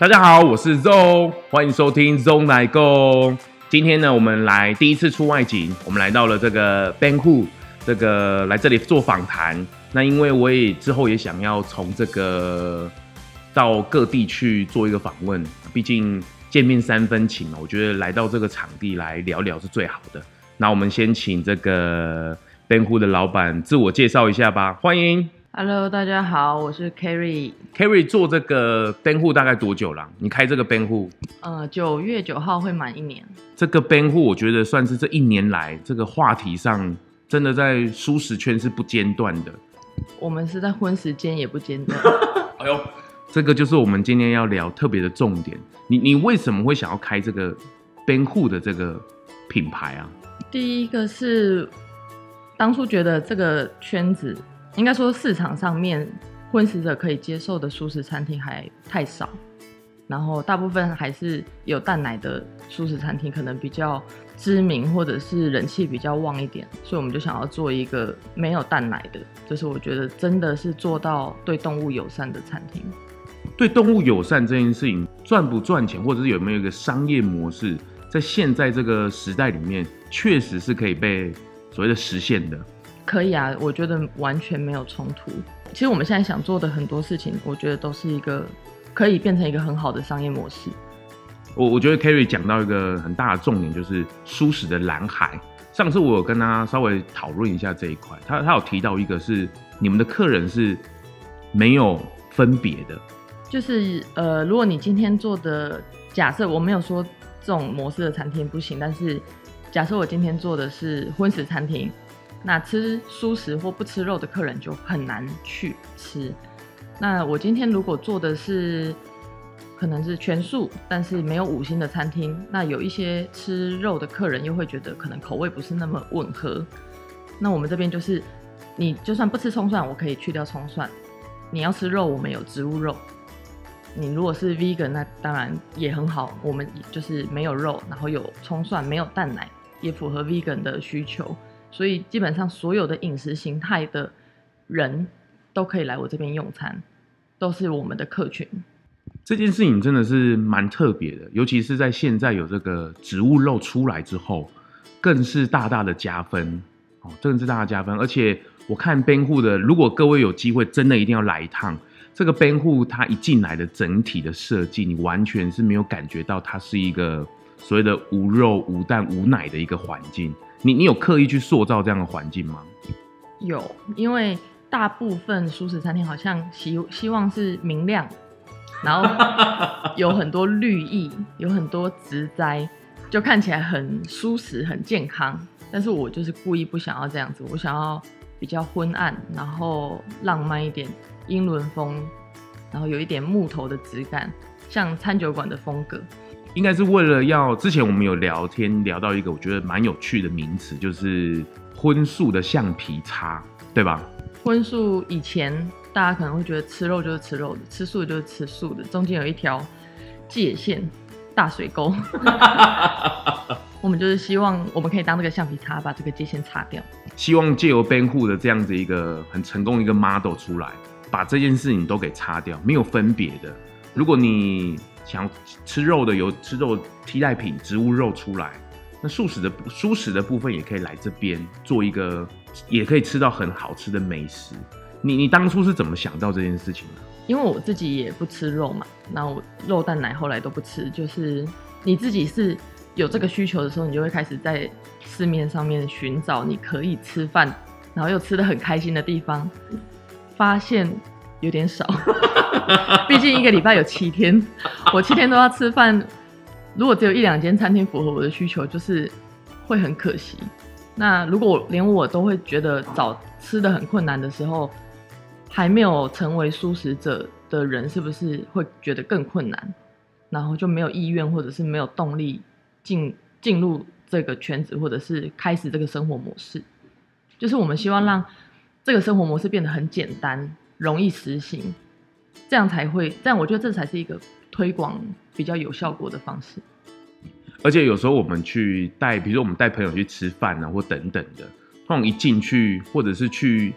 大家好，我是 z o n 歡迎收聽 z o n 來工。今天呢，我們來第一次出外景，我們來到了這個 b h 戶，這個來這裡做訪談。那因為我也之後也想要從這個到各地去做一個訪問，畢竟見面三分情嘛，我覺得來到這個場地來聊聊是最好的。那我們先請這個 b h 戶的老闆自我介紹一下吧，歡迎。Hello，大家好，我是 Carrie。Carrie 做這個 BaganHood 大概多久了？你開這個 BaganHood？呃，九月九號會滿一年。這個 BaganHood 我覺得算是這一年來這個話題上，真的在蔬食圈是不間斷的。我們是在葷食圈也不間斷。哎呦，這個就是我們今天要聊特別的重點。你你為什麼會想要開這個 BaganHood 的這個品牌啊？第一個是當初覺得這個圈子。應該說，市場上面，葷食者可以接受的素食餐廳還太少，然後大部分還是有蛋奶的素食餐廳可能比較知名或者是人氣比較旺一點，所以我們就想要做一個沒有蛋奶的，就是我覺得真的是做到對動物友善的餐廳。對動物友善這件事情賺不賺錢，或者是有沒有一個商業模式，在現在這個時代裡面，確實是可以被所謂的實現的？可以啊，我覺得完全沒有衝突。其實我們現在想做的很多事情，我覺得都是一個可以變成一個很好的商業模式。我我覺得 Carrie 講到一個很大的重點，就是蔬食的藍海。上次我有跟他稍微討論一下這一塊，他他有提到一個是你們的客人是沒有分別的，就是呃，如果你今天做的假設，我沒有說這種模式的餐廳不行，但是假設我今天做的是葷食餐廳。那吃蔬食或不吃肉的客人就很難去吃。那我今天如果做的是可能是全素，但是沒有五星的餐廳，那有一些吃肉的客人又會覺得可能口味不是那麼吻合。那我們這邊就是，你就算不吃蔥蒜，我可以去掉蔥蒜。你要吃肉，我們有植物肉。你如果是 vegan，那當然也很好，我們就是沒有肉，然後有蔥蒜，沒有蛋奶，也符合 vegan 的需求。所以基本上所有的飲食形態的人，都可以來我這邊用餐，都是我們的客群。這件事情真的是蠻特別的，尤其是在現在有這個植物肉出來之後，更是大大的加分哦，更是大大的加分。而且我看 BaganHood 的，如果各位有機會，真的一定要來一趟。這個 BaganHood 它一進來的整體的設計，你完全是沒有感覺到它是一個所謂的無肉、無蛋、無奶的一個環境。你你有刻意去塑造這樣的環境嗎？有，因為大部分蔬食餐廳好像希希望是明亮，然後有很多綠意， 有很多植栽，就看起來很舒適、很健康。但是我就是故意不想要這樣子，我想要比較昏暗，然後浪漫一點，英倫風，然後有一點木頭的質感，像餐酒館的風格。應該是為了要。之前我們有聊天聊到一個我覺得蠻有趣的名詞，就是葷素的橡皮擦，對吧？葷素以前大家可能會覺得吃肉就是吃肉的，吃素就是吃素的，中間有一條界線、大水溝。我們就是希望我們可以當這個橡皮擦，把這個界線擦掉。希望借由 BaganHood 的這樣子一個很成功一個 model 出來，把這件事情都給擦掉，沒有分別的。如果你想吃肉的有吃肉替代品，植物肉出來，那素食的蔬食的部分也可以來這邊做一個，也可以吃到很好吃的美食。你你當初是怎麼想到這件事情呢、啊？因為我自己也不吃肉嘛，然後肉蛋奶後來都不吃，就是你自己是有這個需求的時候，你就會開始在市面上面尋找你可以吃飯，然後又吃得很開心的地方，發現有點少。 畢竟一個禮拜有七天，我七天都要吃飯。如果只有一兩間餐廳符合我的需求，就是會很可惜。那如果我連我都會覺得找吃的很困難的時候，還沒有成為素食者的人，是不是會覺得更困難？然後就沒有意願或者是沒有動力進進入這個圈子，或者是開始這個生活模式。就是我們希望讓這個生活模式變得很簡單、容易實行。這樣才會，但我覺得這才是一個推廣比較有效果的方式。嗯，而且有時候我們去帶，比如說我們帶朋友去吃飯啊，或等等的，通常一進去或者是去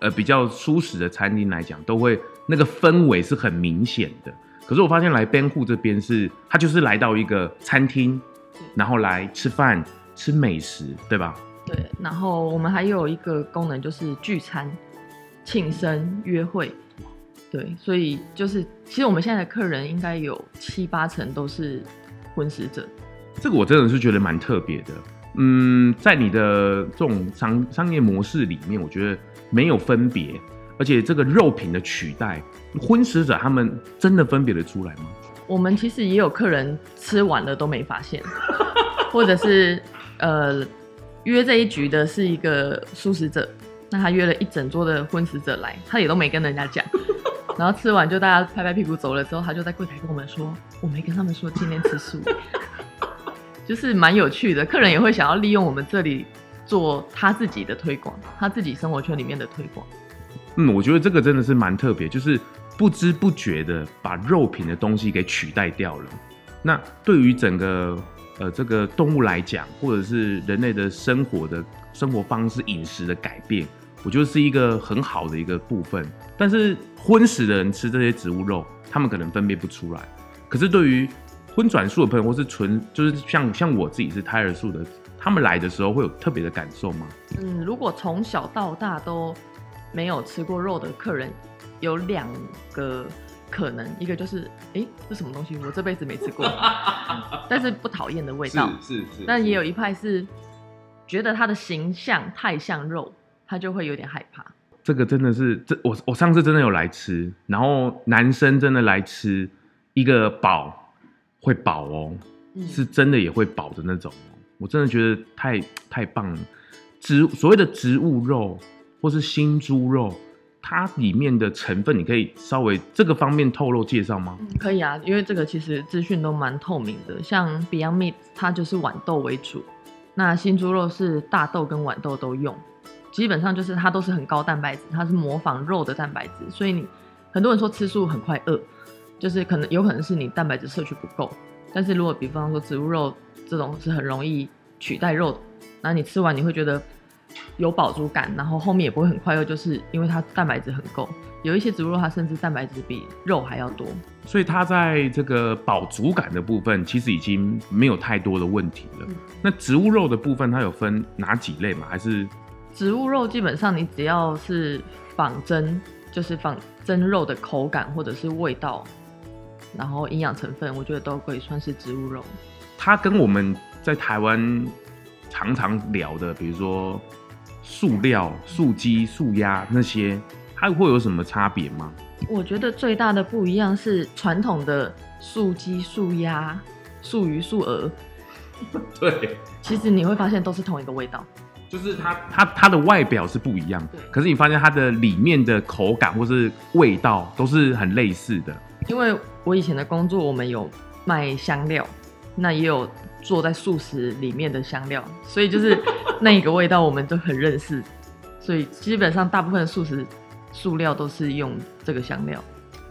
呃比較舒適的餐廳來講，都會那個氛圍是很明顯的。可是我發現來 BaganHood 這邊是，他就是來到一個餐廳，對然後來吃飯吃美食，對吧？對。然後我們還有一個功能就是聚餐、慶生、約會。對，所以就是，其實我們現在的客人應該有七八成都是葷食者，這個我真的是覺得蠻特別的。嗯，在你的這種商商業模式裡面，我覺得沒有分別，而且這個肉品的取代，葷食者他們真的分別得出來嗎？我們其實也有客人吃完了都沒發現， 或者是呃約這一局的是一個素食者，那他約了一整桌的葷食者來，他也都沒跟人家講。 然後吃完就大家拍拍屁股走了之後，他就在櫃檯跟我們說：“我沒跟他們說今天吃素， 就是蠻有趣的。客人也會想要利用我們這裡做他自己的推廣，他自己生活圈裡面的推廣。”嗯，我覺得這個真的是蠻特別，就是不知不覺的把肉品的東西給取代掉了。那對於整個呃這個動物來講，或者是人類的生活的生活方式、飲食的改變，我覺得是一個很好的一個部分。但是。葷食的人吃這些植物肉，他們可能分辨不出來。可是對於葷轉素的朋友，或是純就是像像我自己是胎兒素的，他們來的時候會有特別的感受嗎？嗯，如果從小到大都沒有吃過肉的客人，有兩個可能，一個就是誒、欸，這什麼東西，我這輩子沒吃過， 但是不討厭的味道，是是是。但也有一派是覺得它的形象太像肉，他就會有點害怕。這個真的是，這我我上次真的有來吃，然後男生真的來吃一個飽，會飽哦，嗯，是真的也會飽的那種。我真的覺得太太棒了。植所謂的植物肉或是新豬肉，它裡面的成分你可以稍微這個方面透露介紹嗎？嗯，可以啊，因為這個其實資訊都蠻透明的。像 Beyond Meat 它就是豌豆為主，那新豬肉是大豆跟豌豆都用。基本上就是它都是很高蛋白質，它是模仿肉的蛋白質，所以你很多人說吃素很快餓，就是可能有可能是你蛋白質攝取不夠。但是如果比方說植物肉這種是很容易取代肉的，那你吃完你會覺得有飽足感，然後後面也不會很快餓，就是因為它蛋白質很夠。有一些植物肉它甚至蛋白質比肉還要多，所以它在這個飽足感的部分其實已經沒有太多的問題了。嗯，那植物肉的部分它有分哪幾類嗎？還是植物肉基本上，你只要是仿真，就是仿真肉的口感或者是味道，然後營養成分，我覺得都可以算是植物肉。它跟我們在台灣常常聊的，比如說素料、素雞、素鴨那些，它會有什麼差別嗎？我覺得最大的不一樣是傳統的素雞、素鴨、素魚、素鵝。 對，其實你會發現都是同一個味道。就是它，它它的外表是不一樣，對可是你發現它的裡面的口感或是味道都是很類似的。因為我以前的工作，我們有賣香料，那也有做在素食裡面的香料，所以就是那一個味道，我們就很認識。 所以基本上大部分的素食素料都是用這個香料。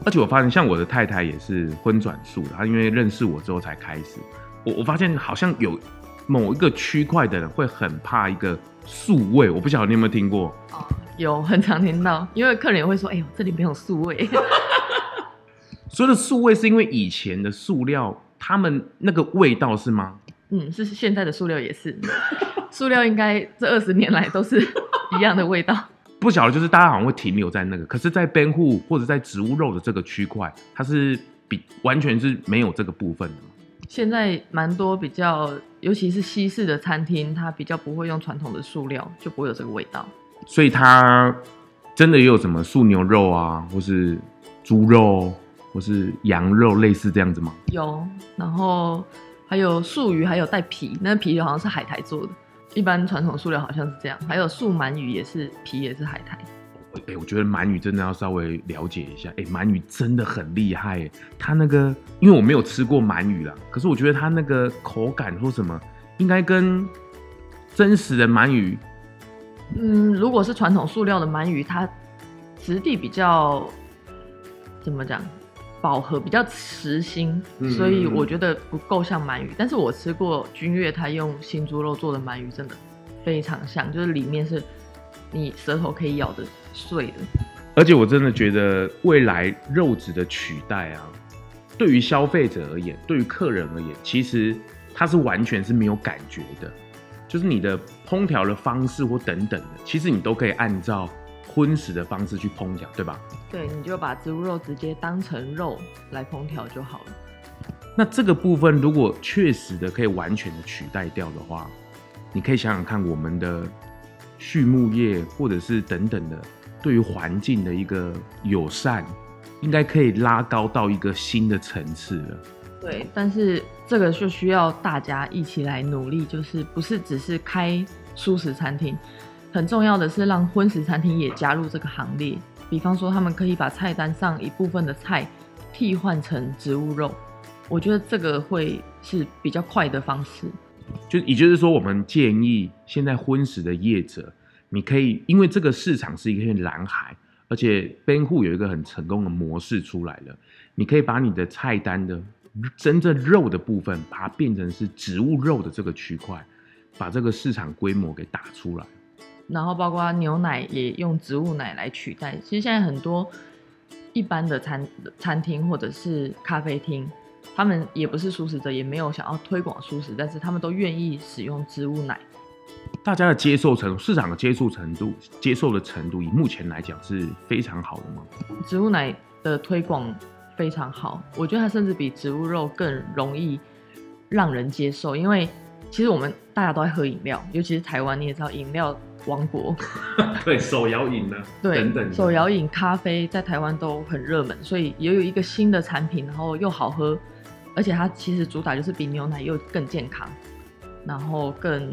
而且我發現，像我的太太也是葷轉素的，她因為認識我之後才開始。我我發現好像有某一個區塊的人會很怕一個。素味，我不曉得你有沒有聽過、哦、有，很常聽到，因為客人也會說：“哎、欸、呦，這裡沒有素味。” 所以說素味是因為以前的素料，他們那個味道是嗎？嗯，是現在的素料也是，素 料應該這二十年來都是一樣的味道。不曉得就是大家好像會停留在那個，可是，在 BaganHood 或者在植物肉的這個區塊，它是比完全是沒有這個部分的。現在蠻多比較。尤其是西式的餐廳，它比較不會用傳統的素料，就不會有這個味道。所以它真的也有什麼素牛肉啊，或是豬肉，或是羊肉，類似這樣子嗎？有，然後還有素魚，還有帶皮，那個皮好像是海苔做的。一般傳統素料好像是這樣，還有素鰻魚也是皮，也是海苔。哎、欸，我覺得鰻魚真的要稍微了解一下。哎、欸，鰻魚真的很厲害。它那個，因為我沒有吃過鰻魚啦，可是我覺得它那個口感或什麼，應該跟真實的鰻魚，嗯，如果是傳統塑料的鰻魚，它質地比較怎麼講，飽和比較實心，所以我覺得不夠像鰻魚。嗯、但是我吃過君悅他用新豬肉做的鰻魚，真的非常像，就是裡面是你舌頭可以咬的，碎了，而且我真的覺得未來肉質的取代啊，對於消費者而言，對於客人而言，其實它是完全是沒有感覺的，就是你的烹調的方式或等等的，其實你都可以按照葷食的方式去烹調，對吧？對，你就把植物肉直接當成肉來烹調就好了。那這個部分如果確實的可以完全的取代掉的話，你可以想想看我們的畜牧業或者是等等的。對於環境的一個友善，應該可以拉高到一個新的層次了。對，但是這個就需要大家一起來努力，就是不是只是開素食餐廳，很重要的是讓葷食餐廳也加入這個行列。比方說，他們可以把菜單上一部分的菜替換成植物肉，我覺得這個會是比較快的方式。就也就是說，我們建議現在葷食的業者。你可以因為這個市場是一片藍海，而且 BaganHood 有一個很成功的模式出來了。你可以把你的菜單的真正肉的部分，把它變成是植物肉的這個區塊，把這個市場規模給打出來，然後包括牛奶也用植物奶來取代。其實現在很多一般的餐餐廳或者是咖啡廳，他們也不是素食者，也沒有想要推廣素食，但是他們都願意使用植物奶。大家的接受程度，市場的接受程度，接受的程度，以目前來講是非常好的嗎？植物奶的推廣非常好，我覺得它甚至比植物肉更容易讓人接受，因為其實我們大家都在喝飲料，尤其是台灣，你也知道飲料王國， 對，手搖飲呢，對，等等，手搖飲、咖啡在台灣都很熱門，所以也有一個新的產品，然後又好喝，而且它其實主打就是比牛奶又更健康，然後更。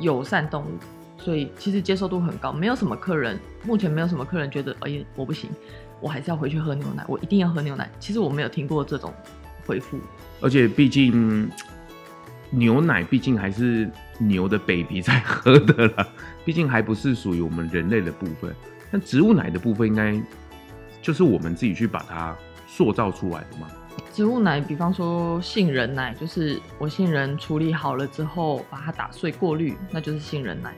友善動物，所以其實接受度很高，沒有什麼客人，目前沒有什麼客人覺得，哎、欸、呀，我不行，我還是要回去喝牛奶，我一定要喝牛奶。其實我沒有聽過這種回復，而且畢竟牛奶畢竟還是牛的 baby 在喝的啦，畢竟還不是屬於我們人類的部分。那植物奶的部分，應該就是我們自己去把它塑造出來的嘛。植物奶，比方說杏仁奶，就是我杏仁處理好了之後，把它打碎過濾，那就是杏仁奶，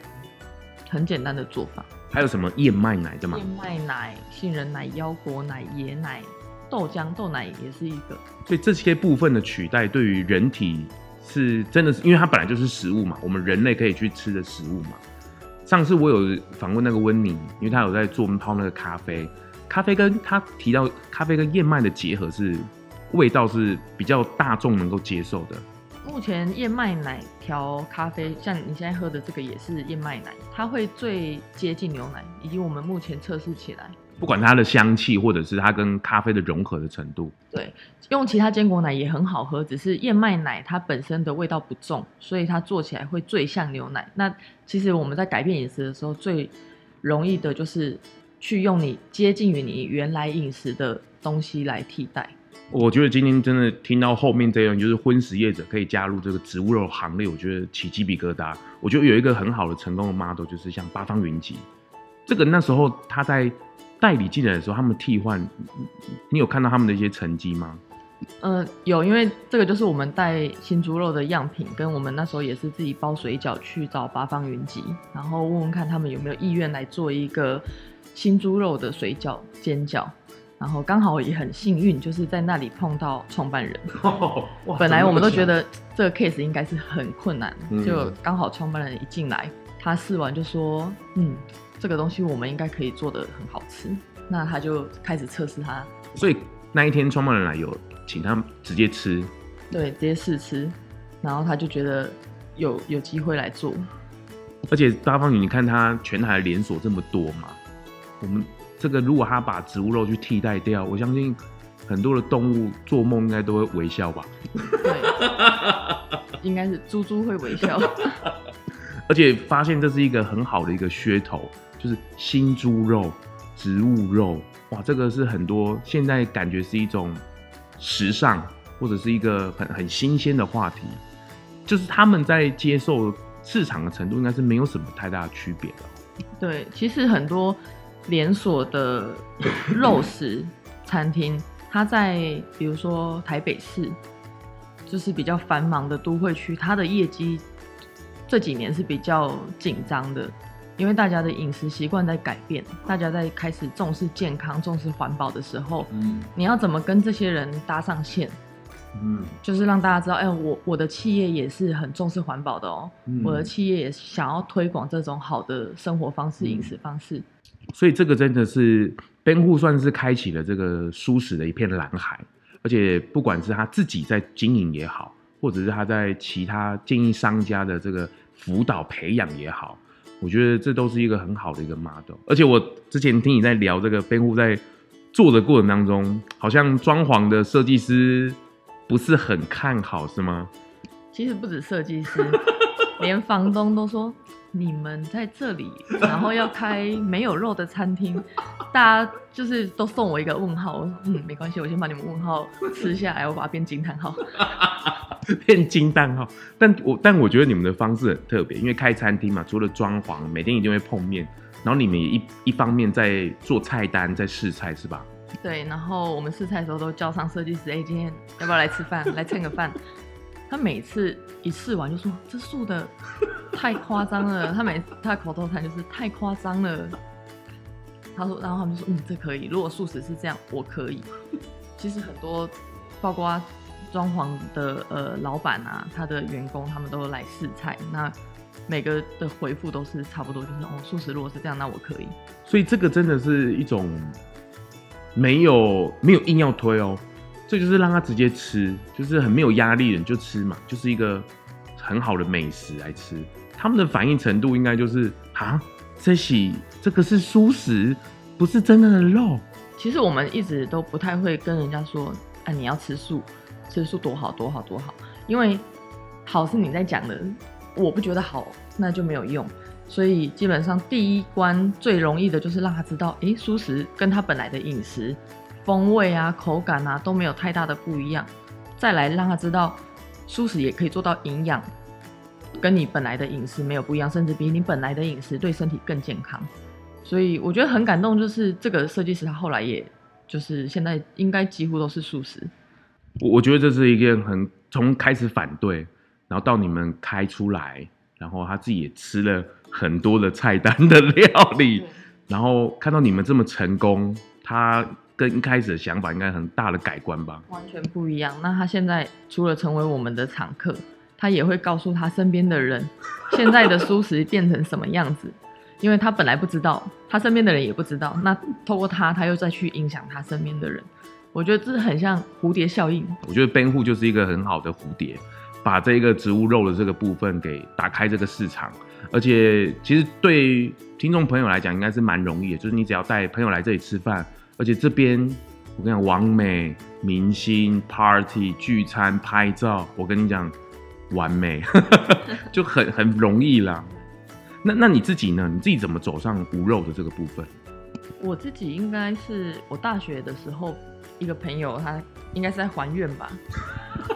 很簡單的做法。還有什麼燕麥奶的嗎？燕麥奶、杏仁奶、腰果奶、椰奶、豆漿、豆奶也是一個。所以這些部分的取代，對於人體是真的是，因為它本來就是食物嘛，我們人類可以去吃的食物嘛。上次我有訪問那個溫妮，因為他有在做泡那個咖啡，咖啡跟他提到咖啡跟燕麥的結合是。味道是比較大眾能夠接受的。目前燕麥奶調咖啡，像你現在喝的這個也是燕麥奶，它會最接近牛奶，以及我們目前測試起來，不管它的香氣或者是它跟咖啡的融合的程度，對，用其他堅果奶也很好喝，只是燕麥奶它本身的味道不重，所以它做起來會最像牛奶。那其實我們在改變飲食的時候，最容易的就是去用你接近於你原來飲食的東西來替代。我覺得今天真的聽到後面這樣，就是葷食業者可以加入這個植物肉行列，我覺得起雞皮疙瘩。我覺得有一個很好的成功的 model，就是像八方雲集。這個那時候他在代理進來的時候，他們替換，你有看到他們的一些成績嗎？呃，有，因為這個就是我們帶新豬肉的樣品，跟我們那時候也是自己包水餃去找八方雲集，然後問問看他們有沒有意願來做一個新豬肉的水餃煎餃。然後剛好也很幸運，就是在那裡碰到創辦人。本來我們都覺得這個 case 應該是很困難，就剛好創辦人一進來，他試完就說：“嗯，這個東西我們應該可以做得很好吃。”那他就開始測試他。所以那一天創辦人來有請他直接吃，對，直接試吃，然後他就覺得有有機會來做。而且八方雲，你看他全台連鎖這麼多嘛，我們。這個如果他把植物肉去替代掉，我相信很多的動物做夢應該都會微笑吧？ 對，應該是豬豬會微笑。 而且發現這是一個很好的一個噱頭，就是新豬肉、植物肉，哇，這個是很多現在感覺是一種時尚或者是一個很很新鮮的話題，就是他們在接受市場的程度應該是沒有什麼太大的區別的。對，其實很多。連鎖的肉食餐廳，它在比如說台北市，就是比較繁忙的都會區，它的業績這幾年是比較緊張的，因為大家的飲食習慣在改變，大家在開始重視健康、重視環保的時候，嗯、你要怎麼跟這些人搭上線？嗯，就是讓大家知道，哎、欸，我我的企業也是很重視環保的哦、喔，嗯、我的企業也想要推廣這種好的生活方式、飲、嗯、食方式。所以這個真的是 BaganHood 算是開啟了這個蔬食的一片藍海，而且不管是他自己在經營也好，或者是他在其他建議商家的這個輔導培養也好，我覺得這都是一個很好的一個 model。而且我之前聽你在聊這個 BaganHood 在做的過程當中，好像裝潢的設計師不是很看好，是嗎？其實不止設計師， 連房東都說。你們在這裡，然後要開沒有肉的餐廳， 大家就是都送我一個問號。我說，嗯，沒關係，我先把你們問號吃下來，我把它變驚嘆號， 變驚嘆號。但我但我覺得你們的方式很特別，因為開餐廳嘛，除了裝潢，每天一定會碰面。然後你們也一一方面在做菜單，在試菜是吧？對，然後我們試菜的時候都叫上設計師，哎、欸，今天要不要來吃飯？來蹭個飯。 他每次一試完就說，這素的太誇張了， 他每次他的口頭禪就是太誇張了。他說，然後他們就說，嗯，這可以。如果素食是這樣，我可以。 其實很多，包括裝潢的呃老闆啊，他的員工他們都來試菜，那每個的回復都是差不多，就是哦，素食如果是這樣，那我可以。所以這個真的是一種沒有沒有硬要推哦。這就是讓他直接吃，就是很沒有壓力的，你就吃嘛，就是一個很好的美食來吃。他們的反應程度應該就是啊，這 i 這個是素食，不是真正的肉。其實我們一直都不太會跟人家說啊，你要吃素，吃素多好多好多好，因為好是你在講的，我不覺得好，那就沒有用。所以基本上第一關最容易的就是讓他知道，誒、欸，素食跟他本來的飲食。風味啊，口感啊，都沒有太大的不一樣。再來讓他知道，素食也可以做到營養，跟你本來的飲食沒有不一樣，甚至比你本來的飲食對身體更健康。所以我覺得很感動，就是這個設計師他後來也就是現在應該幾乎都是素食。我我覺得這是一個很從開始反對，然後到你們開出來，然後他自己也吃了很多的菜單的料理，然後看到你們這麼成功，他。跟一開始的想法應該很大的改觀吧，完全不一樣。那他現在除了成為我們的常客，他也會告訴他身邊的人現在的蔬食變成什麼樣子， 因為他本來不知道，他身邊的人也不知道。那透過他，他又再去影響他身邊的人，我覺得這很像蝴蝶效應。我覺得 BaganHood 就是一個很好的蝴蝶，把這個植物肉的這個部分給打開這個市場，而且其實對聽眾朋友來講應該是蠻容易的，就是你只要帶朋友來這裡吃飯。而且這邊，我跟你講，網美明星 party 聚餐拍照，我跟你講，完美！ 就很很容易啦。那那你自己呢？你自己怎麼走上無肉的這個部分？我自己應該是我大學的時候一個朋友，他應該是在還願吧。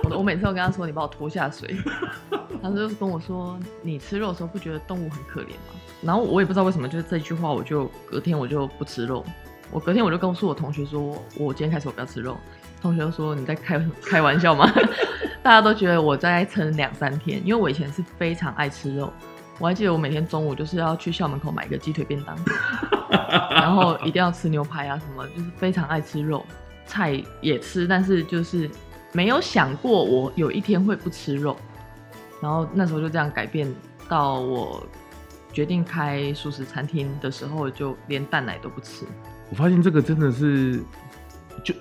我 我每次都跟他說，你把我拖下水。 他就跟我說，你吃肉的時候不覺得動物很可憐嗎？然後我也不知道為什麼，就是這句話，我就隔天我就不吃肉。我隔天我就告訴我同學說，我今天開始我不要吃肉。同學又說，你在開開玩笑嗎？ 大家都覺得我在撐兩三天，因為我以前是非常愛吃肉，我還記得我每天中午就是要去校門口買一個雞腿便當， 然後一定要吃牛排啊什麼，就是非常愛吃肉，菜也吃，但是就是沒有想過我有一天會不吃肉。然後那時候就這樣改變到我決定開素食餐廳的時候，就連蛋奶都不吃。我發現這個真的是，就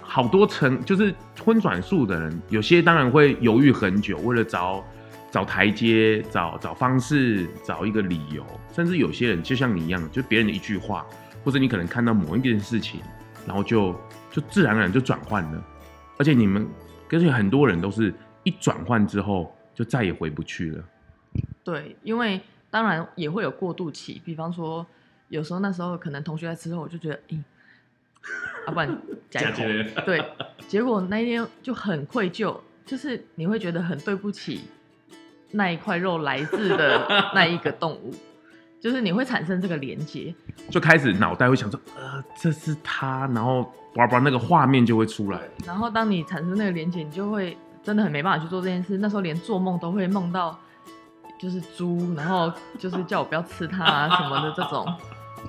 好多成就是葷轉素的人，有些當然會猶豫很久，為了找找台階、找找方式、找一個理由，甚至有些人就像你一樣，就別人的一句話，或者你可能看到某一件事情，然後就就自然而然就轉換了。而且你們，而且很多人都是一轉換之後就再也回不去了。對，因為當然也會有過渡期，比方說。有時候那時候可能同學在吃肉，我就覺得，嗯啊不然，假結對，結果那一天就很愧疚，就是你會覺得很對不起那一塊肉來自的那一個動物， 就是你會產生這個連結，就開始腦袋會想說，呃，這是它，然後吧吧，巴巴那個畫面就會出來。然後當你產生那個連結，你就會真的很沒辦法去做這件事。那時候連做夢都會夢到，就是豬，然後就是叫我不要吃它啊什麼的這種。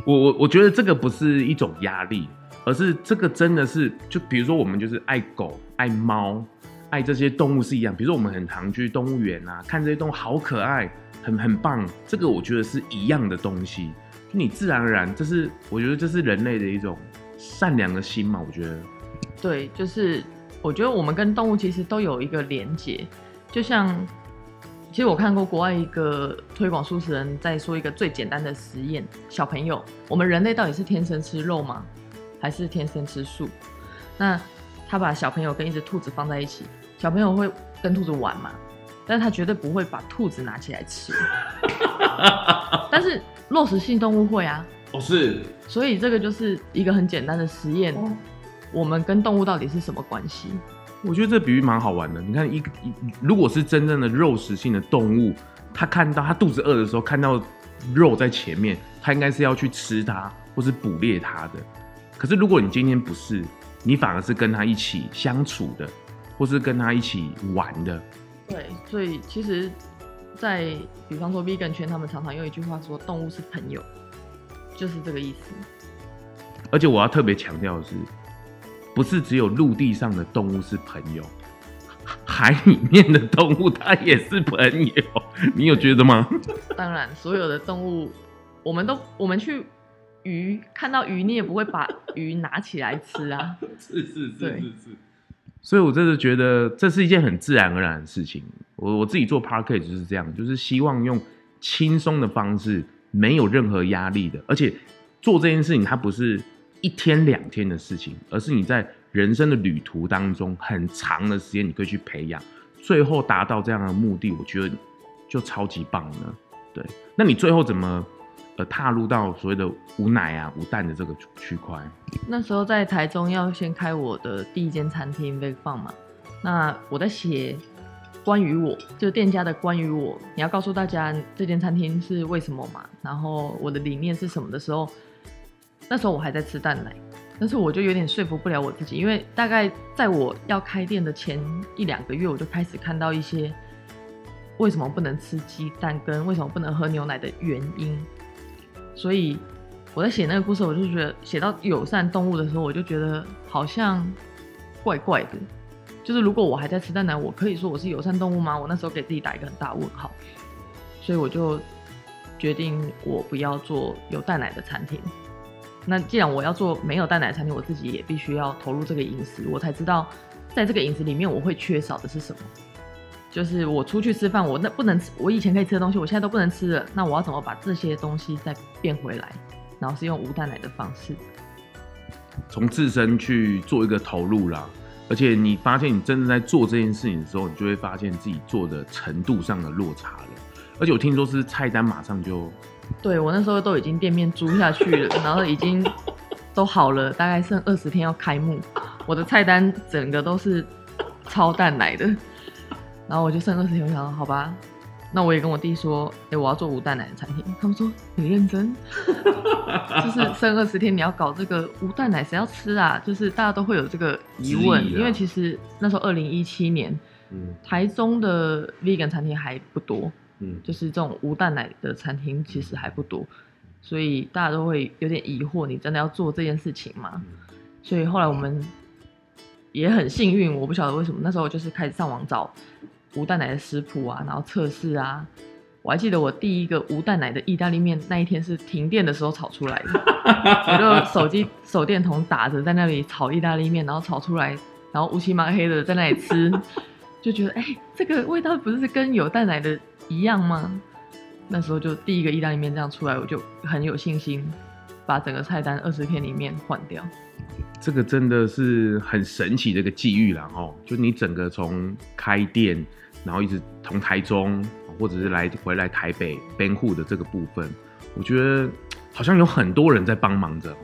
我我我覺得這個不是一種壓力，而是這個真的是就比如說我們就是愛狗、愛貓、愛這些動物是一樣。比如說我們很常去動物園啊，看這些動物好可愛，很很棒。這個我覺得是一樣的東西，就你自然而然，這是我覺得這是人類的一種善良的心嘛。我覺得，對，就是我覺得我們跟動物其實都有一個連結，就像。其實我看過國外一個推廣素食人，在說一個最簡單的實驗：小朋友，我們人類到底是天生吃肉嗎？還是天生吃素？那他把小朋友跟一隻兔子放在一起，小朋友會跟兔子玩嘛？但他絕對不會把兔子拿起來吃。 但是肉食性動物會啊。哦，是。所以這個就是一個很簡單的實驗，哦、我們跟動物到底是什麼關係？我覺得這比喻蠻好玩的。你看一，一一，如果是真正的肉食性的動物，它看到它肚子餓的時候，看到肉在前面，它應該是要去吃它，或是捕獵它的。可是如果你今天不是，你反而是跟它一起相處的，或是跟它一起玩的。對，所以其實，在比方說 vegan 圈，他們常常用一句話說，動物是朋友，就是這個意思。而且我要特別強調的是。不是只有陸地上的動物是朋友，海裡面的動物它也是朋友，你有覺得嗎？當然，所有的動物，我們都我們去魚看到魚，你也不會把魚拿起來吃啊，是是是是是，所以我真的覺得這是一件很自然而然的事情。我我自己做 Podcast 就是這樣，就是希望用輕鬆的方式，沒有任何壓力的，而且做這件事情它不是。一天兩天的事情，而是你在人生的旅途當中很長的時間，你可以去培養，最後達到這樣的目的，我覺得就超級棒了。對，那你最後怎麼呃踏入到所謂的無奶啊無蛋的這個區塊？那時候在台中要先開我的第一間餐廳 Veg Farm 嘛，那我在寫關於我就店家的關於我，你要告訴大家這間餐廳是為什麼嘛，然後我的理念是什麼的時候。那時候我還在吃蛋奶，但是我就有點說服不了我自己，因為大概在我要開店的前一兩個月，我就開始看到一些為什麼不能吃雞蛋跟為什麼不能喝牛奶的原因，所以我在寫那個故事，我就覺得寫到友善動物的時候，我就覺得好像怪怪的，就是如果我還在吃蛋奶，我可以說我是友善動物嗎？我那時候給自己打一個很大問號，所以我就決定我不要做有蛋奶的產品。那既然我要做沒有蛋奶的餐廳，我自己也必須要投入這個飲食，我才知道，在這個飲食裡面我會缺少的是什麼。就是我出去吃飯，我那不能吃，我以前可以吃的東西，我現在都不能吃了。那我要怎麼把這些東西再變回來？然後是用無蛋奶的方式，從自身去做一個投入啦。而且你發現你真的在做這件事情的時候，你就會發現自己做的程度上的落差了。而且我聽說是菜單馬上就。對，我那時候都已經店面租下去了， 然後已經都好了，大概剩二十天要開幕。我的菜單整個都是超蛋奶的，然後我就剩二十天，我想說，好吧，那我也跟我弟說，哎，我要做無蛋奶的產品，他們說，你認真， 就是剩二十天你要搞這個無蛋奶，誰要吃啊？就是大家都會有這個疑問，因為其實那時候二零一七年，嗯，台中的 vegan 餐廳還不多。嗯，就是這種無蛋奶的餐廳其實還不多，所以大家都會有點疑惑，你真的要做這件事情嗎？所以後來我們也很幸運，我不曉得為什麼，那時候我就是開始上網找無蛋奶的食譜啊，然後測試啊。我還記得我第一個無蛋奶的意大利麵那一天是停電的時候炒出來的， 我就手機手電筒打着，在那裡炒意大利麵，然後炒出來，然後烏漆麻黑的在那裡吃， 就覺得哎、欸，這個味道不是跟有蛋奶的一樣嗎？那時候就第一個意大利面這樣出來，我就很有信心，把整個菜單二十天裡面換掉。這個真的是很神奇的一個際遇了哦！就你整個從開店，然後一直從台中，或者是來回來台北 BaganHood 的這個部分，我覺得好像有很多人在幫忙着。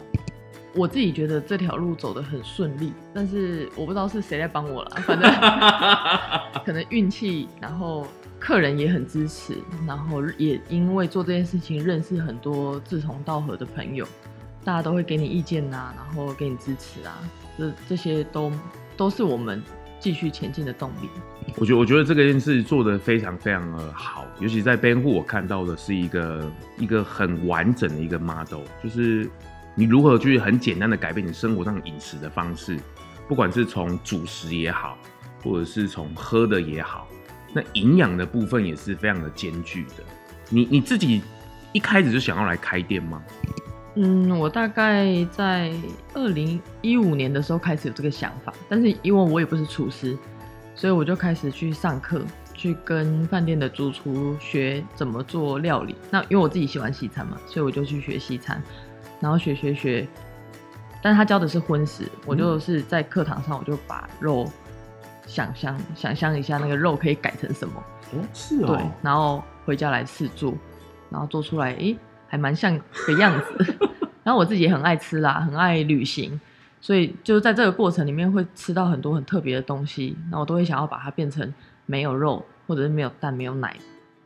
我自己覺得這條路走得很順利，但是我不知道是誰在幫我了。 反正可能運氣，然後。客人也很支持，然後也因為做這件事情認識很多志同道合的朋友，大家都會給你意見啊，然後給你支持啊，這這些都都是我們繼續前進的動力。我覺得，我覺得這個件事做得非常非常的好，尤其在 BaganHood 我看到的是一個一個很完整的一個 model，就是你如何去很簡單的改變你生活上飲食的方式，不管是從主食也好，或者是從喝的也好。那營養的部分也是非常的艱鉅的。你你自己一開始就想要來開店嗎？嗯，我大概在二零一五年的時候開始有這個想法，但是因為我也不是廚師，所以我就開始去上課，去跟飯店的主廚學學怎麼做料理。那因為我自己喜歡西餐嘛，所以我就去學西餐，然後學學學。但是他教的是葷食，我就是在課堂上我就把肉，想象想象一下那個肉可以改成什麼？哦，是哦。對，然後回家來試做，然後做出來，誒、欸，還蠻像個樣子。 然後我自己也很愛吃啦，很愛旅行，所以就是在這個過程裡面會吃到很多很特別的東西，那我都會想要把它變成沒有肉，或者是沒有蛋、沒有奶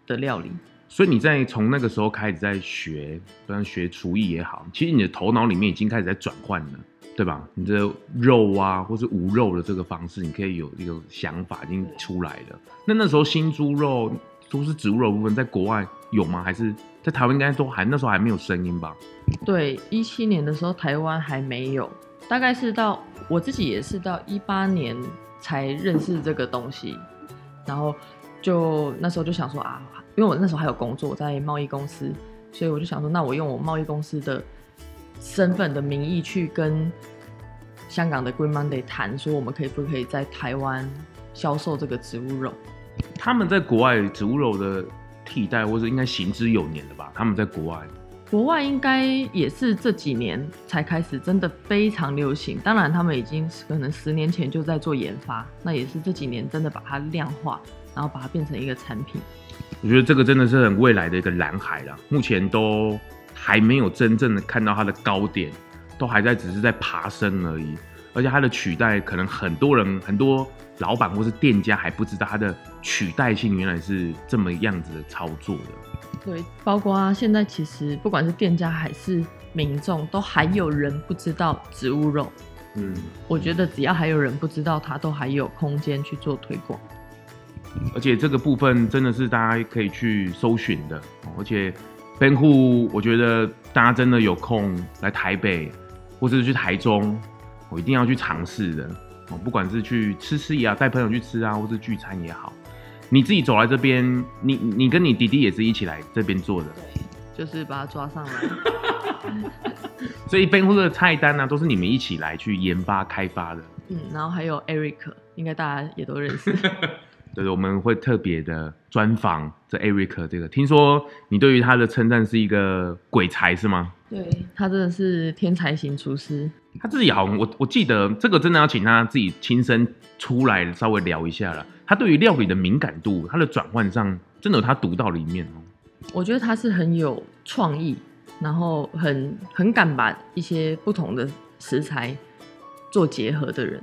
的料理。所以你在從那個時候開始在學，不然學廚藝也好，其實你的頭腦裡面已經開始在轉換了，對吧？你的肉啊，或是無肉的這個方式，你可以有一個想法已經出來了。那那時候新豬肉都是植物肉的部分，在國外有嗎？還是在台灣應該都還那時候還沒有聲音吧？對，一七年的時候台灣還沒有，大概是到我自己也是到一八年才認識這個東西，然後就那時候就想說啊。因為我那時候還有工作在貿易公司，所以我就想說，那我用我貿易公司的身份的名義去跟香港的 Green Monday 談，說我們可以不可以在台灣銷售這個植物肉？他們在國外植物肉的替代，或者應該行之有年了吧？他們在國外，國外應該也是這幾年才開始真的非常流行。當然，他們已經可能十年前就在做研發，那也是這幾年真的把它量化，然後把它變成一個產品。我覺得這個真的是很未來的一個藍海啦，目前都還沒有真正的看到它的高點，都還在只是在爬升而已。而且它的取代，可能很多人、很多老闆或是店家還不知道它的取代性原來是這麼樣子的操作的。對，包括啊，現在其實不管是店家還是民眾，都還有人不知道植物肉。嗯，我覺得只要還有人不知道它，都還有空間去做推廣。而且這個部分真的是大家可以去搜尋的，哦，而且 BaganHood，我覺得大家真的有空來台北，或者是去台中，我、哦、一定要去嘗試的哦。不管是去吃吃也好，帶朋友去吃啊，或是聚餐也好，你自己走來這邊，你你跟你弟弟也是一起來這邊做的，就是把他抓上來。 所以 BaganHood 的菜單呢、啊，都是你們一起來去研發開發的。嗯，然後還有 Eric，應該大家也都認識。 對，我們會特別的專訪這 Eric。這個聽說你對於他的稱讚是一個鬼才，是嗎？對，他真的是天才型廚師。他自己好像，我我記得這個真的要請他自己親身出來稍微聊一下了。他對於料理的敏感度，他的轉換上真的有他獨到的一面哦。我覺得他是很有創意，然後很很敢把一些不同的食材做結合的人。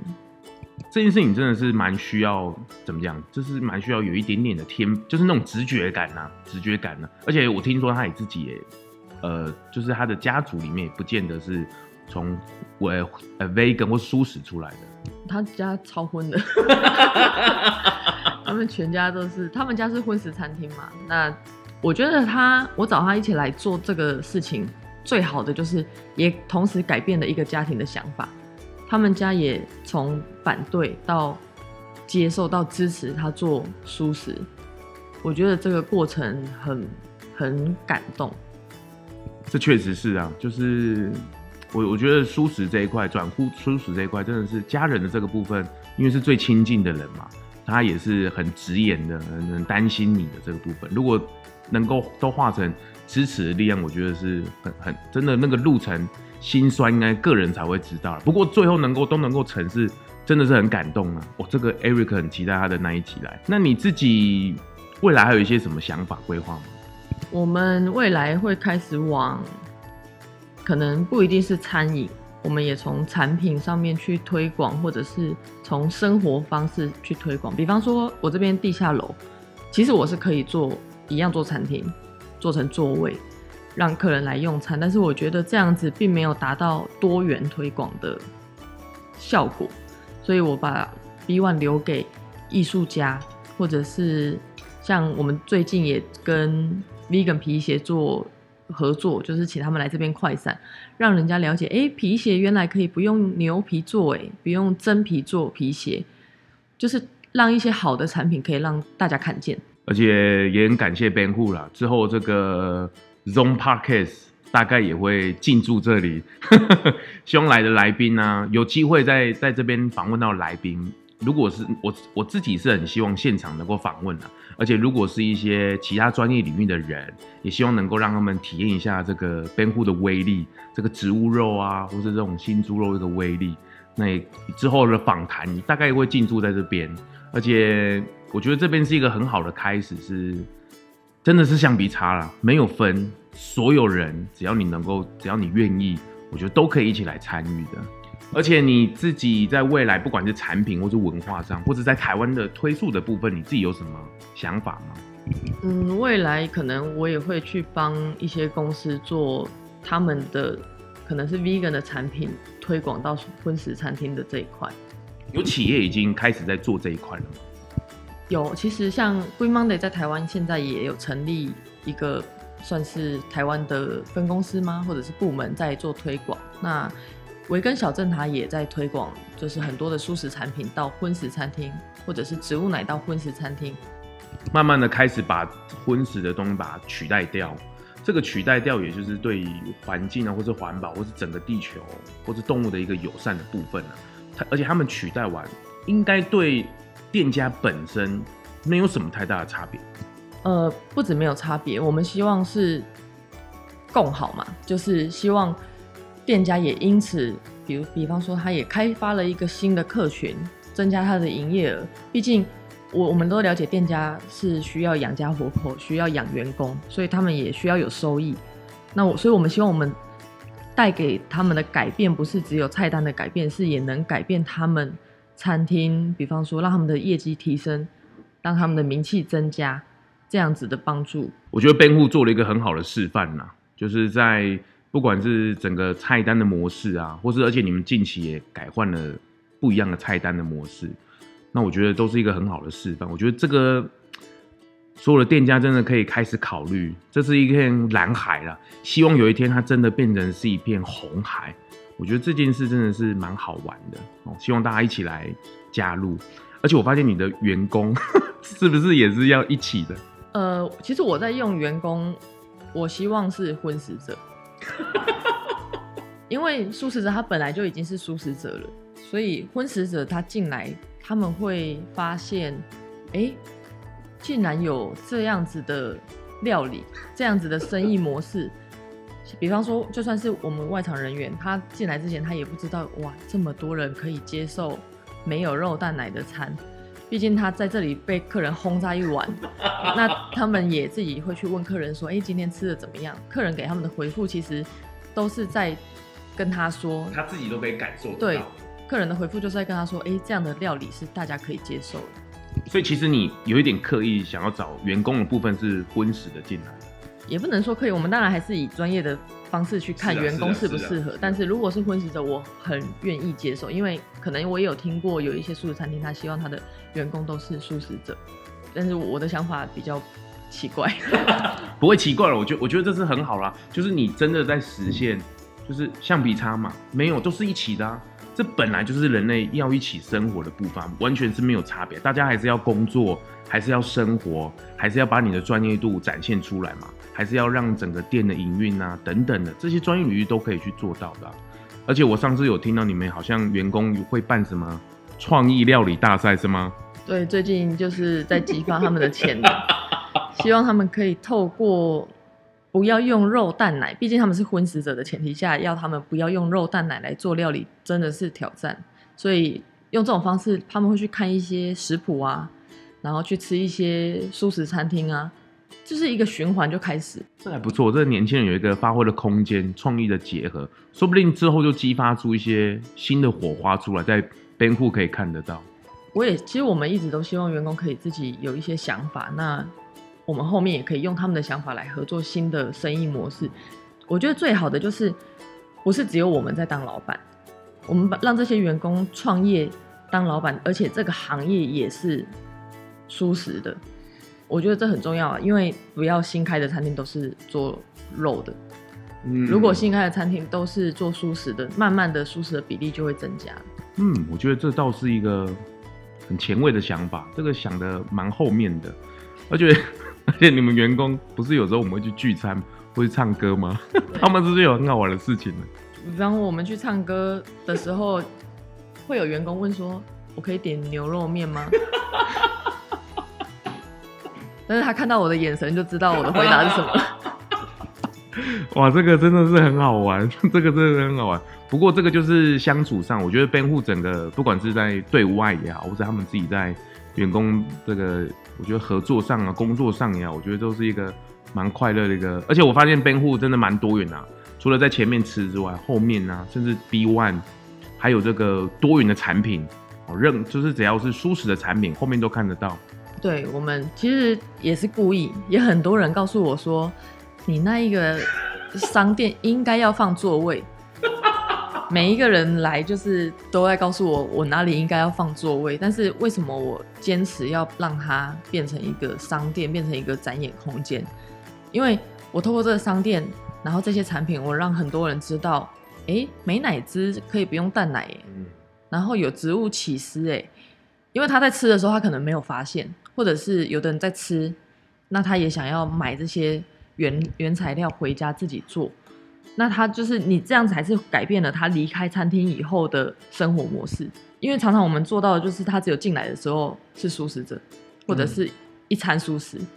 這件事情真的是蠻需要怎麼講，就是蠻需要有一點點的天，就是那種直覺感吶、啊，直覺感呢、啊。而且我聽說他也自己也，也呃，就是他的家族裡面也不見得是從呃 vegan 或蔬食出來的。他家超葷的，他們全家都是，他們家是葷食餐廳嘛。那我覺得他，我找他一起來做這個事情，最好的就是也同時改變了一個家庭的想法。他們家也從反對到接受到支持他做舒食，我覺得這個過程很很感動。這確實是啊，就是我我覺得舒食這一塊轉呼舒食這一塊，真的是家人的這個部分，因為是最親近的人嘛，他也是很直言的，很，很擔心你的這個部分。如果能夠都化成支持的力量，我覺得是很很真的那個路程。心酸應該個人才會知道，不過最後能夠都能夠成是真的是很感動啊！我、哦、這個 Eric 很期待他的那一期來。那你自己未來還有一些什麼想法規劃嗎？我們未來會開始往，可能不一定是餐飲，我們也從產品上面去推廣，或者是從生活方式去推廣。比方說，我這邊地下樓，其實我是可以做一樣做餐廳，做成座位。讓客人來用餐，但是我覺得這樣子並沒有達到多元推廣的效果，所以我把 B one 留給藝術家，或者是像我們最近也跟 Vegan 皮鞋做合作，就是請他們來這邊快閃，讓人家了解，哎、欸，皮鞋原來可以不用牛皮做，欸，哎，不用真皮做皮鞋，就是讓一些好的產品可以讓大家看見，而且也很感謝 BaganHood 啦，之後這個。ZONG podcast 大概也會進駐這裡呵呵，希望來的來賓呢、啊、有機會在在這邊訪問到來賓。如果是我我自己是很希望現場能夠訪問的、啊，而且如果是一些其他專業領域的人，也希望能夠讓他們體驗一下這個 BaganHood 的威力，這個植物肉啊，或是這種新豬肉的威力。那也之後的訪談大概也會進駐在這邊，而且我覺得這邊是一個很好的開始，是真的是橡皮擦了，沒有分。所有人，只要你能夠，只要你願意，我覺得都可以一起來參與的。而且你自己在未來，不管是產品，或者文化上，或者在台灣的推速的部分，你自己有什麼想法嗎？嗯，未來可能我也會去幫一些公司做他們的，可能是 Vegan 的產品推廣到婚食餐廳的這一塊。有企業已經開始在做這一塊了嗎？有，其實像龜芒 e Monday 在台灣現在也有成立一個。算是台灣的分公司嗎？或者是部門在做推廣。那維根小鎮他也在推廣，就是很多的蔬食產品到葷食餐廳，或者是植物奶到葷食餐廳，慢慢的開始把葷食的東西把它取代掉。這個取代掉，也就是對於環境啊，或是環保，或是整個地球，或是動物的一個友善的部分、啊、它、而且他們取代完，應該對店家本身沒有什麼太大的差別。呃，不止沒有差別，我們希望是共好嘛，就是希望店家也因此，比如比方說，他也開發了一個新的客群，增加他的營業額。畢竟我我們都了解，店家是需要養家活口，需要養員工，所以他們也需要有收益。那我，所以我們希望我們帶給他們的改變，不是只有菜單的改變，是也能改變他們餐廳，比方說讓他們的業績提升，讓他們的名氣增加。這樣子的幫助，我覺得 BaganHood 做了一個很好的示範啦，就是在不管是整個菜單的模式啊，或是，而且你們近期也改換了不一樣的菜單的模式，那我覺得都是一個很好的示範。我覺得這個所有的店家真的可以開始考慮，這是一片藍海了。希望有一天它真的變成是一片紅海。我覺得這件事真的是蠻好玩的哦，希望大家一起來加入，而且我發現你的員工是不是也是要一起的？呃，其實我在用員工，我希望是葷食者， 因為素食者他本來就已經是素食者了，所以葷食者他進來，他們會發現，哎、欸，竟然有這樣子的料理，這樣子的生意模式。比方說，就算是我們外場人員，他進來之前他也不知道，哇，這麼多人可以接受沒有肉蛋奶的餐。畢竟他在這裡被客人轟炸一晚， 那他們也自己會去問客人說，哎、欸，今天吃的怎麼樣？客人給他們的回復其實都是在跟他說，他自己都可以感受到的。對，客人的回復就是在跟他說，哎、欸，這樣的料理是大家可以接受的。所以其實你有一點刻意想要找員工的部分是葷食的進來，也不能說刻意，我們當然還是以專業的。方式去看員工適不適合，但是如果是葷食者，我很願意接受，因為可能我也有聽過有一些素食餐廳，他希望他的員工都是素食者，但是我的想法比較奇怪， 不會奇怪了，我覺我覺得這是很好啦，就是你真的在實現，嗯、就是橡皮擦嘛，沒有都是一起的，啊，這本來就是人類要一起生活的步伐，完全是沒有差別，大家還是要工作。還是要生活，還是要把你的專業度展現出來嘛，還是要讓整個店的營運啊等等的這些專業領域都可以去做到的啊。而且我上次有聽到你們好像員工會辦什麼創意料理大賽是嗎？對，最近就是在激發他們的潛能， 希望他們可以透過不要用肉蛋奶，畢竟他們是葷食者的前提下，要他們不要用肉蛋奶來做料理，真的是挑戰。所以用這種方式，他們會去看一些食譜啊。然後去吃一些素食餐廳啊，就是一個循環就開始。這還不錯，這個年輕人有一個發揮的空間，創意的結合，說不定之後就激發出一些新的火花出來，在 BaganHood 可以看得到。我也，其實我們一直都希望員工可以自己有一些想法，那我們後面也可以用他們的想法來合作新的生意模式。我覺得最好的就是不是只有我們在當老板，我們讓這些員工創業當老板，而且這個行業也是，蔬食的，我覺得這很重要啊，因為不要新開的餐廳都是做肉的。嗯，如果新開的餐廳都是做蔬食的，慢慢的蔬食的比例就會增加。嗯，我覺得這倒是一個很前衛的想法，這個想得蠻後面的。而且而且你們員工不是有時候我們會去聚餐，會去唱歌嗎？對他們是不是有很好玩的事情呢？然後我們去唱歌的時候，會有員工問說：“我可以點牛肉麵嗎？” 但是他看到我的眼神就知道我的回答是什麼了。 哇，這個真的是很好玩，這個真的很好玩。不過這個就是相處上，我覺得 BaganHood 整個不管是在對外也好，或者他們自己在員工這個，我覺得合作上啊、工作上也好，我覺得都是一個蠻快樂的一個。而且我發現 BaganHood 真的蠻多元啊，除了在前面吃之外，後面啊，甚至 B One 還有這個多元的產品，認、哦、就是只要是蔬食的產品，後面都看得到。對，我們其實也是故意，也很多人告訴我說，你那一個商店應該要放座位，每一個人來就是都在告訴我，我哪裡應該要放座位。但是為什麼我堅持要讓它變成一個商店，變成一個展演空間？因為我透過這個商店，然後這些產品，我讓很多人知道，哎、欸，美乃滋可以不用淡奶耶，然後有植物起司，哎，因為他在吃的時候，他可能沒有發現。或者是有的人在吃，那他也想要買這些原原材料回家自己做，那他就是你這樣子還是改變了他離開餐廳以後的生活模式，因為常常我們做到的就是他只有進來的時候是素食者，或者是一餐素食，嗯，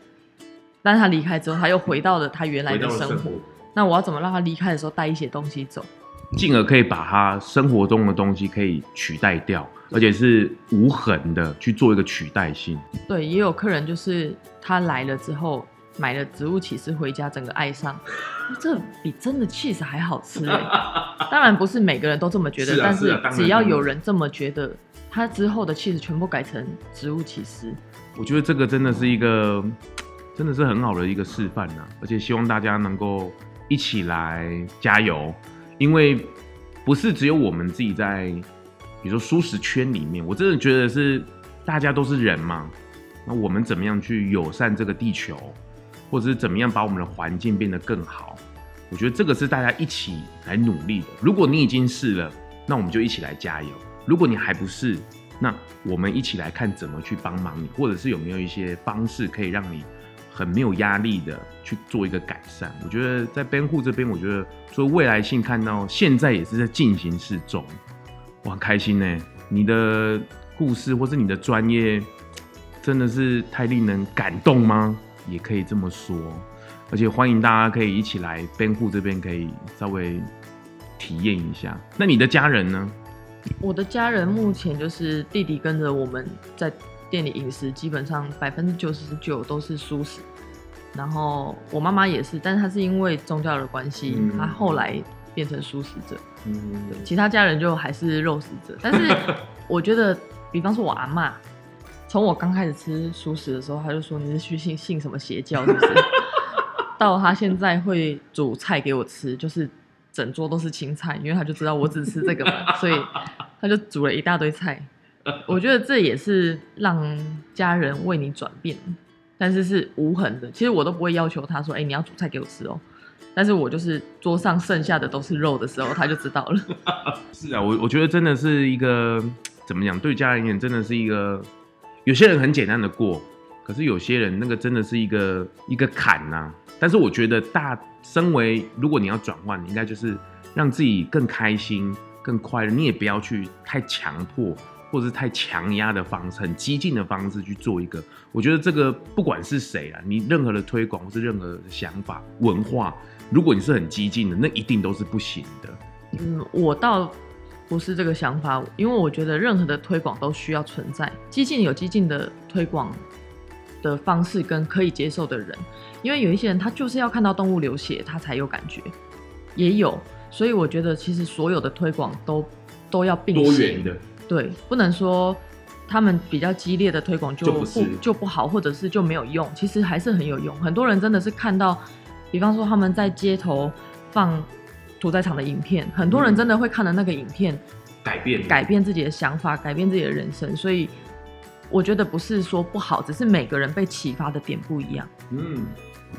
但他離開之後他又回到了他原來的生活，生活，那我要怎麼讓他離開的時候帶一些東西走？進而可以把他生活中的東西可以取代掉，而且是無痕的去做一個取代性。對，也有客人就是他來了之後買了植物起司回家，整個愛上，這比真的起司還好吃欸。 當然不是每個人都這麼覺得，是啊，是啊，但是只要有人這麼覺得，他之後的起司全部改成植物起司。我覺得這個真的是一個，真的是很好的一個示範啊，而且希望大家能夠一起來加油。因為不是只有我們自己在，比如說舒適圈裡面，我真的覺得是大家都是人嘛。那我們怎麼樣去友善這個地球，或者是怎麼樣把我們的環境變得更好？我覺得這個是大家一起來努力的。如果你已經試了，那我們就一起來加油；如果你還不是，那我們一起來看怎麼去幫忙你，或者是有沒有一些方式可以讓你。很沒有壓力的去做一個改善。我覺得在 BaganHood 這邊，我覺得從未來性看到現在也是在進行式中，我很開心呢。你的故事或是你的專業，真的是太令人感動嗎？也可以這麼說，而且歡迎大家可以一起來 BaganHood 這邊可以稍微體驗一下。那你的家人呢？我的家人目前就是弟弟跟着我們在。店裡飲食基本上百分之九十九都是蔬食，然後我媽媽也是，但是她是因為宗教的關係，她後來變成蔬食者。嗯，其他家人就還是肉食者，但是我覺得，比方說我阿嬤，從我剛開始吃蔬食的時候，她就說，你是去信信什麼邪教？是不是？ 到她現在會煮菜給我吃，就是整桌都是青菜，因為她就知道我只吃這個嘛，所以她就煮了一大堆菜。 我覺得這也是讓家人為你轉變，但是是無痕的。其實我都不會要求他說：“哎、欸，你要煮菜給我吃哦。”，但是我就是桌上剩下的都是肉的時候，他就知道了。 是啊，我我覺得真的是一個怎麼講？對家人而言真的是一個，有些人很簡單的過，可是有些人那個真的是一個一個坎吶、啊。但是我覺得大身為，如果你要轉換，你應該就是讓自己更開心、更快樂。你也不要去太強迫。或是太強壓的方式，很激進的方式去做一個，我覺得這個不管是誰啦，你任何的推廣或是任何的想法文化，如果你是很激進的，那一定都是不行的。嗯，我倒不是這個想法，因為我覺得任何的推廣都需要存在激進，有激進的推廣的方式跟可以接受的人，因為有一些人他就是要看到動物流血他才有感覺，也有，所以我覺得其實所有的推廣都都要並行的。對，不能說他們比較激烈的推廣就不就不，就不好，或者是就沒有用。其實還是很有用。很多人真的是看到，比方說他們在街頭放屠宰場的影片，很多人真的會看到那個影片，嗯、改變改變自己的想法，改變自己的人生。所以我覺得不是說不好，只是每個人被啟發的點不一樣。嗯，嗯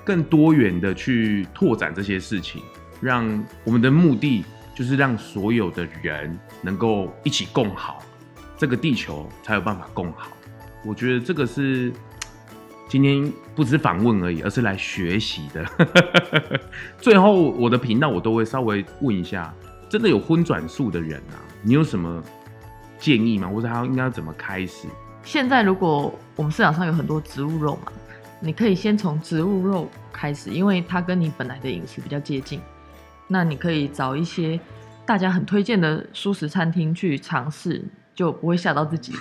更多元的去拓展這些事情，讓我們的目的就是讓所有的人能夠一起共好。這個地球才有辦法共好，我覺得這個是今天不只訪問而已，而是來學習的。 最後我的頻道我都會稍微問一下，真的有葷轉素的人啊，你有什麼建議嗎？或者他應該要怎麼開始？現在如果我們市場上有很多植物肉嘛，你可以先從植物肉開始，因為它跟你本來的飲食比較接近。那你可以找一些大家很推薦的素食餐廳去嘗試。就不會嚇到自己，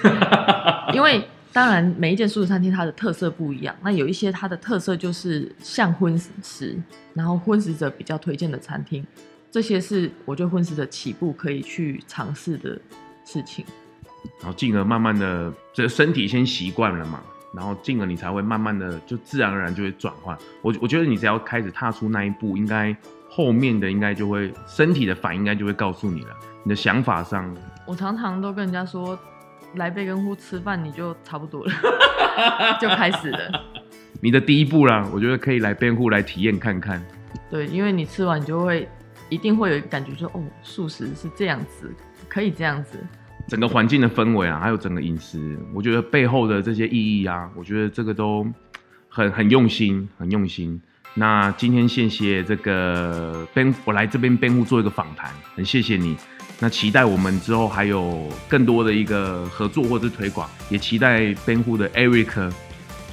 因為當然每一間素食餐廳它的特色不一樣，那有一些它的特色就是像葷食，然後葷食者比較推薦的餐廳，這些是我覺得葷食者起步可以去嘗試的事情。然後進而慢慢的，這個身體先習慣了嘛，然後進而你才會慢慢的就自然而然就會轉換。我我覺得你只要開始踏出那一步，應該後面的應該就會身體的反應應該就會告訴你了。你的想法上，我常常都跟人家說，來 BaganHood 吃飯你就差不多了， 就開始了。 你的第一步啦，我覺得可以來 BaganHood 來體驗看看。對，因為你吃完就會一定會有感覺說，說哦，素食是這樣子，可以這樣子。整個環境的氛圍啊，還有整個飲食，我覺得背後的這些意義啊，我覺得這個都很很用心，很用心。那今天謝謝這個貝，我來這邊 BaganHood 做一個訪談，很謝謝你。那期待我們之後還有更多的一個合作或者推廣，也期待 BaganHood 的 Eric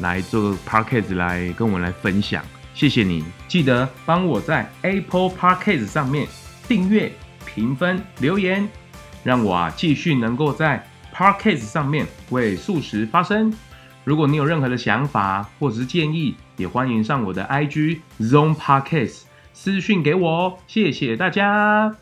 來做 Podcast 來跟我來分享。謝謝你，記得幫我在 Apple Podcast 上面訂閱、評分、留言，讓我啊繼續能夠在 Podcast 上面為素食發聲。如果你有任何的想法或者是建議，也歡迎上我的 IG Zong Podcast 私訊給我。謝謝大家。